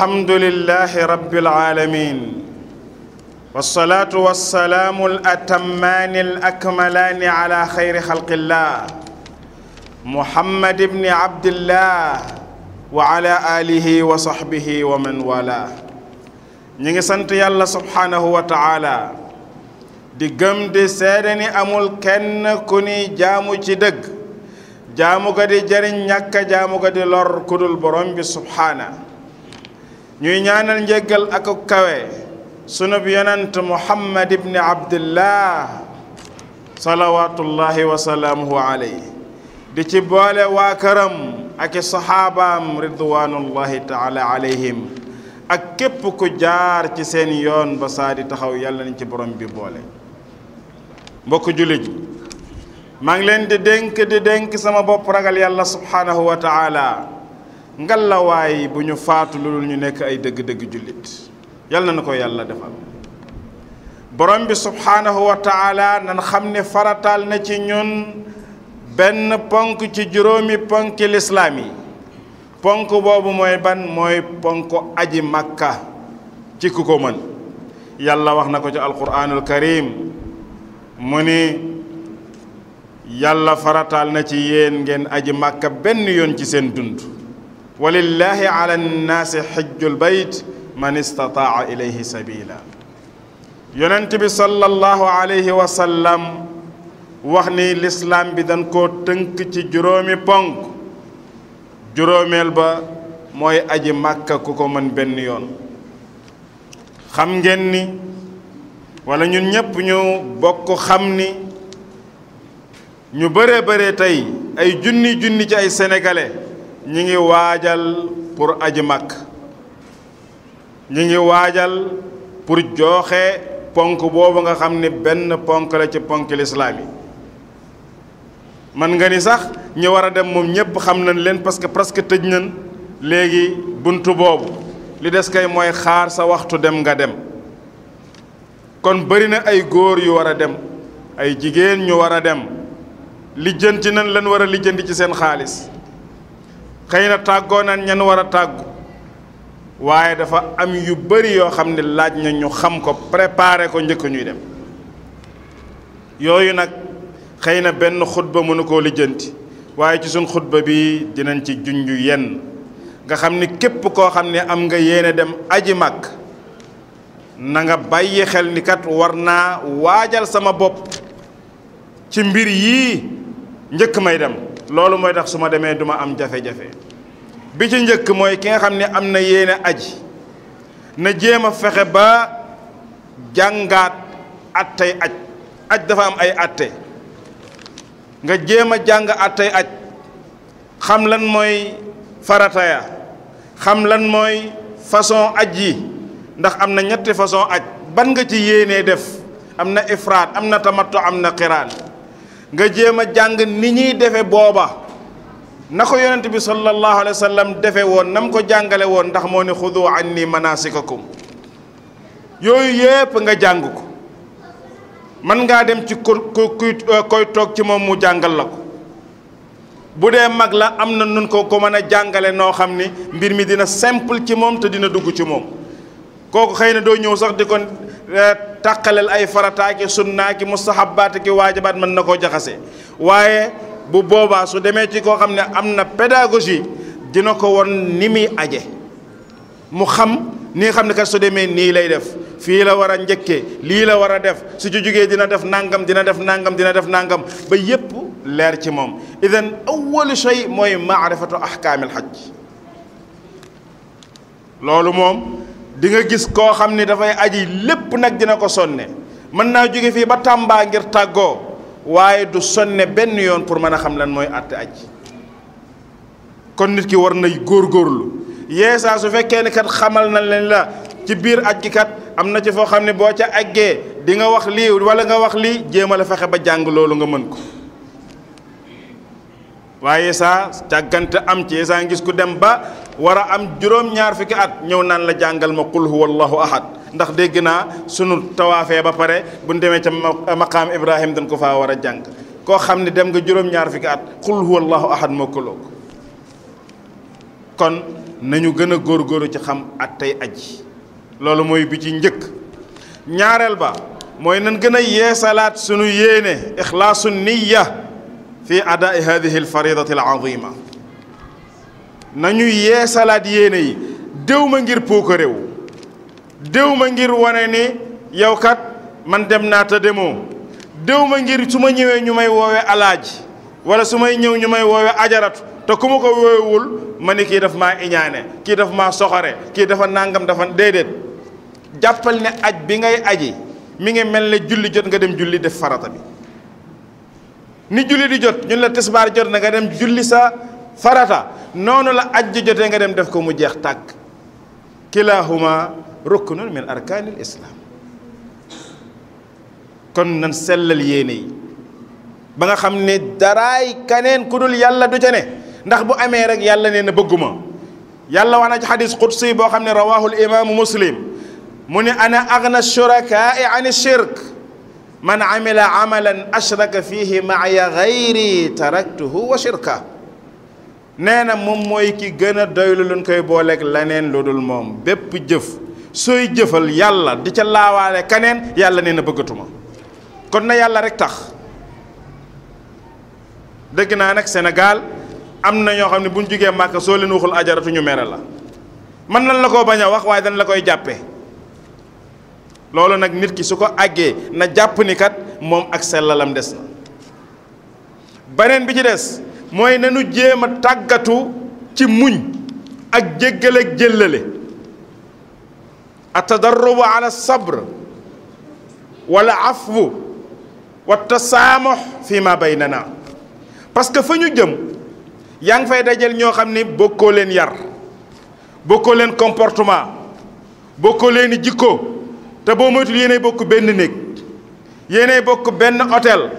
الحمد لله رب العالمين والصلاة والسلام الأتمان الأكملان على خير خلق الله محمد بن عبد الله وعلى آله وصحبه ومن والاه نيغي سانت يالله سبحانه وتعالى دي گم دي seede امول كن كوني جامو ni jaamu جامو گدي جارين نياكا جامو گدي لور كودول بروم بي سبحانه ñuy ñaanal njéggal ak kawe sunub yonent muhammad ibni abdillah salawatullahi wa salaamuhu alayhi di ci boole waa këram ak i saxaabaam ridwanullahi taala alayhim ak képp ku jaar ci seen yoon ba saa di taxaw yàlla nañ ci borom bi boole mbokk jullit maa ngi leen di dénk di dénk sama bopp ragal yàlla subhaanahu wa taala ngalawaay bu ñu faatu loolu ñu nekk ay dëgg-dëgg jullit yàlla na ko yàlla defal borom bi subhaanahu wa nan xam ne farataal na ci ñun benn ponk ci juróomi ponki lislaam yi ponk boobu mooy ban mooy ponk aji makka ci ku ko mën yàlla wax na ko ci alquraanul karim mu ni yàlla farataal na ci yéen ngeen aji màkka benn yoon ci seen dund ولله على الناس حج البيت من استطاع إليه سبيلا ينتبه صلى الله عليه وسلم وحني الإسلام بدنكو تنك جرومي بانك جرومي البا موي أجي مكة كوكو من بنيون خم جنني ولا نيو نيب نيو بوكو خمني نيو بري بري تاي اي جوني جوني تاي سنغالي ñi ngi waajal pour aji wajal ñi ngi waajal pour joxe ponk boobu nga xam ne benn ponk la ci ponk lislaam yi man nga ni sax ñi war dem moom ñëpp xam nañ leen parce que presque tëj nañ léegi buntu boobu li des kay mooy xaar sa waxtu dem nga dem kon bari na ay góor yu war a dem ay jigéen ñu war dem lijjanti nan lan war a lijjanti ci seen xaalis xëy na tàggoo nan ñan war a tàggu waaye dafa am yu bëri yoo xam ne laaj na ñu xam ko préparer ko njëkk ñuy dem yooyu nag xëy na benn xutba mënu koo lijjanti waaye ci suñ xutba bi dinañ ci junj yenn nga xam ni képp koo xam ne am nga yéene dem aji màkk na nga bàyyi xel ni kat war naa waajal sama bopp ci mbir yii njëkk may dem loolu mooy tax su ma demee duma am jafe-jafe bi ci njëkk mooy ki nga xam ne am na yéene aj na jéem a fexe ba jàngaat attey aj aj dafa am ay atte nga jéem a jàng attey aj xam lan mooy farataya xam lan mooy façon aj yi ndax am na ñetti façon aj ban nga ci yéenee def am na ifraat am na tamattu am na xiraan nga jéem a jàng ni ñuy defe booba na ko yonent bi sallallahu alayhi wa sallam defe woon nam ko jàngale woon ndax moo ne xudu anni manasikakum yooyu yépp nga jàng ko mën ngaa dem ci ku koy toog ci moom mu jàngal la ko bu dee mag la am na nun ko ko mën a jàngale noo xam ne mbir mi dina simple ci moom te dina dugg ci moom kooku xëy na doo ñëw sax di ko Eh, tàqaleel ay farataaki sunnaaki mustahabaataki waajabaat mën na koo jaxase waaye bu boobaa su demee ci koo xam ne am na pédagogie dina ko won ni muy aje mu xam ni xam ne kat su demee nii lay def fii la war a njëkkee lii la war a def su ci jógee dina def nangam dina def nangam dina def nangam ba yépp leer ci moom idan awalu shay mooy maarifatu ahkaamil xaj loolu moom di nga gis koo xam ni dafay aji lépp nag dina ko sonne mën naa jóge fii ba Tàmbaa ngir tàggoo waaye du sonne benn yoon pour mën a xam leen mooy àtte aji kon nit ki war na góor góorgóorlu yeesaa su fekkee ni kat xamal na leen la ci biir aj gi kat am na ci foo xam ne boo ca aggee di nga wax lii wala nga wax lii jéem a la fexe ba jàng loolu nga mën ko waaye saa càggante am ci yeesaa ngis ku dem ba war a am juróom-ñaar fukki at ñëw naan la jàngal ma qul huwa allahu ahad ndax dégg naa sunu tawaafee ba pare bu ñu demee ca maqaam Ibrahim dañ ko faa war a jàng koo xam ne dem nga juróom-ñaar fukki at qul huwa allahu ahad moo ko kon nañu gën a góorgóorlu ci xam at tey aji loolu mooy bi ci njëkk ñaareel ba mooy nan gën a salaat sunu yéene ixlaasu niya fi adaa hadihi alfaridati alazima nañuy yeesalaat yéene yi déw ma ngir puukare wu déw ma ngir wane ni yow kat man dem naa te demoo déw ma ngir su ma ñëwee ñu may woowe alaaji wala su may ñëw ñu may woowe ajarat te ku ma ko woowewul ma ni kii daf ma iñaane kii daf ma soxore kii dafa nàngam dafa déedéet jàppal ne aj bi ngay aji mi ngi mel ne julli jot nga dem julli def farata bi ni julli di jot ñun la tisbaar jot na nga dem julli sa farata noonu la ajju jote nga dem def ko mu jeex tak kilahuma ruknun min arkanil islam kon nan selal yene ba nga xamne daraay kanen kudul yàlla du ca ne ndax bu amé rek yàlla neena bëgguma yàlla wana ci hadith qudsi bo xamne rawahu al imam muslim muni ne ana agna shurakaai an ash shirk من عمل عملا أشرك فيه معي غيري تركته وشركه nee na moom mooy ki gën a doylu luñ koy booleeg leneen lu dul moom bépp jëf sooy jëfal yàlla di ca laawaale kaneen yàlla nee na bëggatuma kon na yàlla rek tax dëgg naa nag senegaal am na ñoo xam ne bu ñu jugee màkk soo leen waxul ajaratu ñu mere la mën nañ la koo bañ a wax waaye dañ la koy jàppee loolu nag nit ki su ko àggee na jàpp ni kat moom ak sellalam des na beneen bi ci des. mooy nanu jéem a tàggatu ci muñ ak jéggale ak jéllale atadarrubu ala sabr wala afwu wa tasaamux fi ma baynana parce que fa ñu jëm yaa ngi fay dajal ñoo xam ni bokkoo leen yar bokkoo leen comportement bokkoo leen jikko te boo moytul yéenay bokk benn néeg yéenay bokk benn hôtel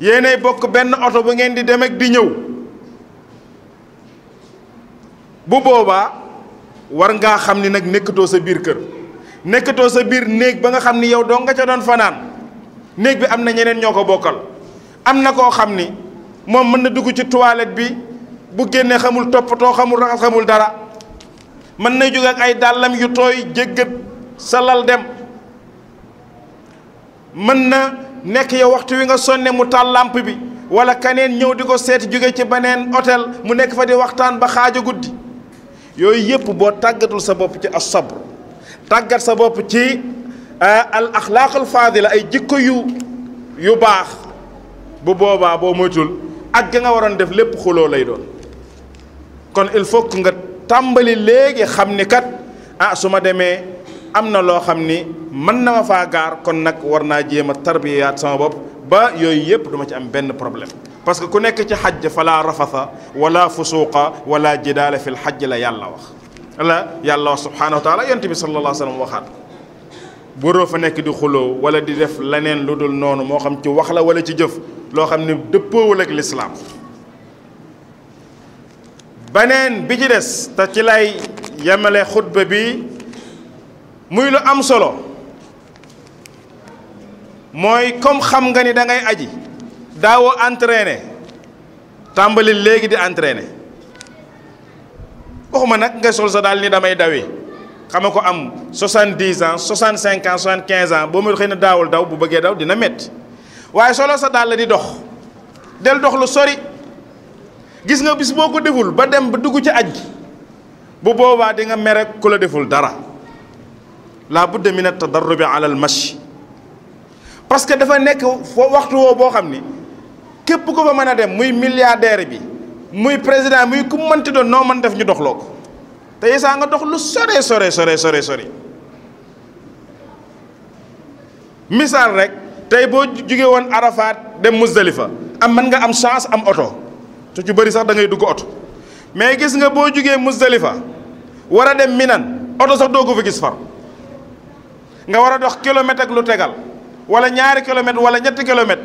yéenay bokk benn oto bu ngeen di dem ak di ñëw bu boobaa war ngaa xam ni nag nekkatoo sa biir kër nekkatoo sa biir néeg ba nga xam ni yow doo nga ca doon fanaan néeg bi am na ñeneen ñoo ko bokkal am na koo xam ni moom mën na dugg ci toilette bi bu génnee xamul toppatoo xamul raxas xamul dara mën na jóg ak ay dàllam yu tooy jéggat sa lal dem mën na nek yow waxtu wi nga sonne mu tal lampe bi wala kanen ñëw diko set seet jóge ci beneen hôtel mu nek fa di waxtaan ba xaju guddi yoy yëpp bo tagatul sa bop ci as sabr tagat sa bop ci al akhlaq al fadila ay jikko yu yu bax bu boba bo moytul ak nga waron def lépp xulo lay doon kon il faut que nga tàmbali legi xamni kat ah suma ma demee am na loo xam ni mën na ma faa gaar kon nag war naa jéem a tarbiyaat sama bopp ba yooyu yëpp duma ci am benn problème parce que ku nekk ci xajj fala rafasa wala fusuqa wala jidaala fi lxajj la yàlla wax la yàlla wax subhanahu wa taala yonent bi sallallahu alayhi wa sallam waxaat buroo fa nekk di xuloo wala di def leneen lu dul noonu moo xam ci wax la wala ci jëf loo xam ne dëppoowul ak lislaam beneen bi ci des te ci lay yemale xutba bi muy lu am solo mooy comme xam nga ni dangay aji daawoo entraîner tàmbali léegi di entraîner waxuma nag nga sol sa daal ni damay dawe xam nga ko am soixante-dix ans soixante-cinq soixante-quinze ans boo mel xëy na daawul daw bu bëggee daw dina metti waaye solo sa daal la di dox del dox lu sori gis nga bis boo ko deful ba dem ba dugg ci aj gi bu boobaa dinga nga mere ku la deful dara laa budda min at-tadarrubi bi alal mashi parce que dafa nekk foo waxtu woo boo xam ni képp ko fa mën a dem muy milliardaire bi muy président muy ku mënti doon noo mën def ñu doxloo ko te saa nga dox lu sore sore sore sore sore misaal rek tey boo jugee woon Arafat dem Muzdalifa am mën nga am chance am oto te ci bëri sax da ngay dugg oto mais gis nga boo jugee Muzdalifa war a dem Minan oto sax doo ko fa gis far nga war kilometer dox walanya ak lu tegal wala ñaari Buboba wala ñetti kilomètre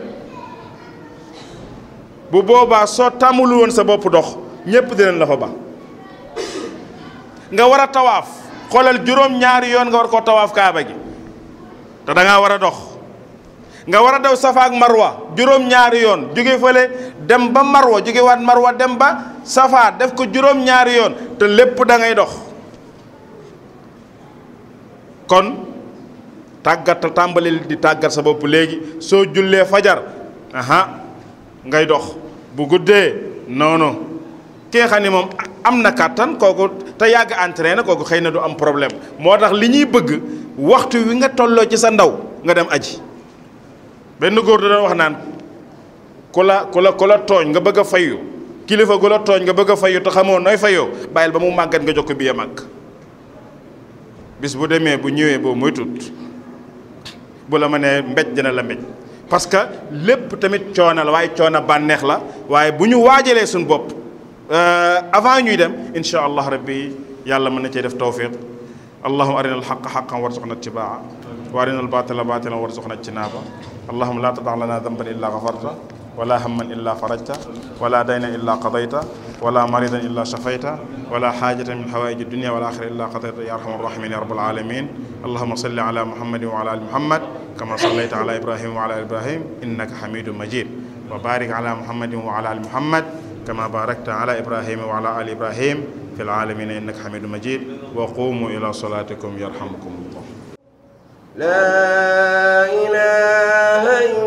bu boobaa soo tàmmulu woon sa bopp dox ñépp dinañ la fa ba nga war a tawaaf xoolal ñaari yoon nga war koo tawaaf kaaba gi te da ngaa war dox nga daw safa ak marwa juróom ñaari yoon jóge fële dem ba marwa jóge waat marwa dem ba safa def ko juróom ñaari yoon te da ngay dox kon tàggat tàmbalil di tagga sa pulegi. legi so julle fajar aha ngay dox bu no. noonu ki nga mom ne moom am na kàttan kooku te yàgg du am problème motax liñi bëgg waxtu wi nga tollo ci sa ndaw nga dem aji ben goor da wax nan kula kula kula togn nga bëgg fayu kilifa gu togn nga bëgg fayu ta xamoo noy bayil ba mu magat nga jokk bi ya bis bu bu bo bu la mënee mbéj dina la mbéj parce que lépp tamit coono la waaye coono bànneex la waaye bu ñu waajalee suñu bopp avant ñuy dem incha allah rabbi yàlla mën na cee def tawfiq allahuma arina alxaqa xaqan warzuqna ittibaa wa arina albatila batilan warzuqna ijtinaba allahuma la tadaa lana damban illa gafarta ولا هما إلا فرجت ولا دين إلا قضيت ولا مريضا إلا شفيت ولا حاجة من حوائج الدنيا والآخرة إلا قضيت يا أرحم الراحمين يا رب العالمين اللهم صل على محمد وعلى آل محمد كما صليت على إبراهيم وعلى إبراهيم إنك حميد مجيد وبارك على محمد وعلى آل محمد كما باركت على إبراهيم وعلى آل إبراهيم في العالمين إنك حميد مجيد وقوموا إلى صلاتكم يرحمكم الله لا إله إلا